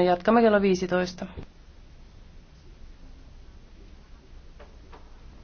istunnon jatkamme kello 15.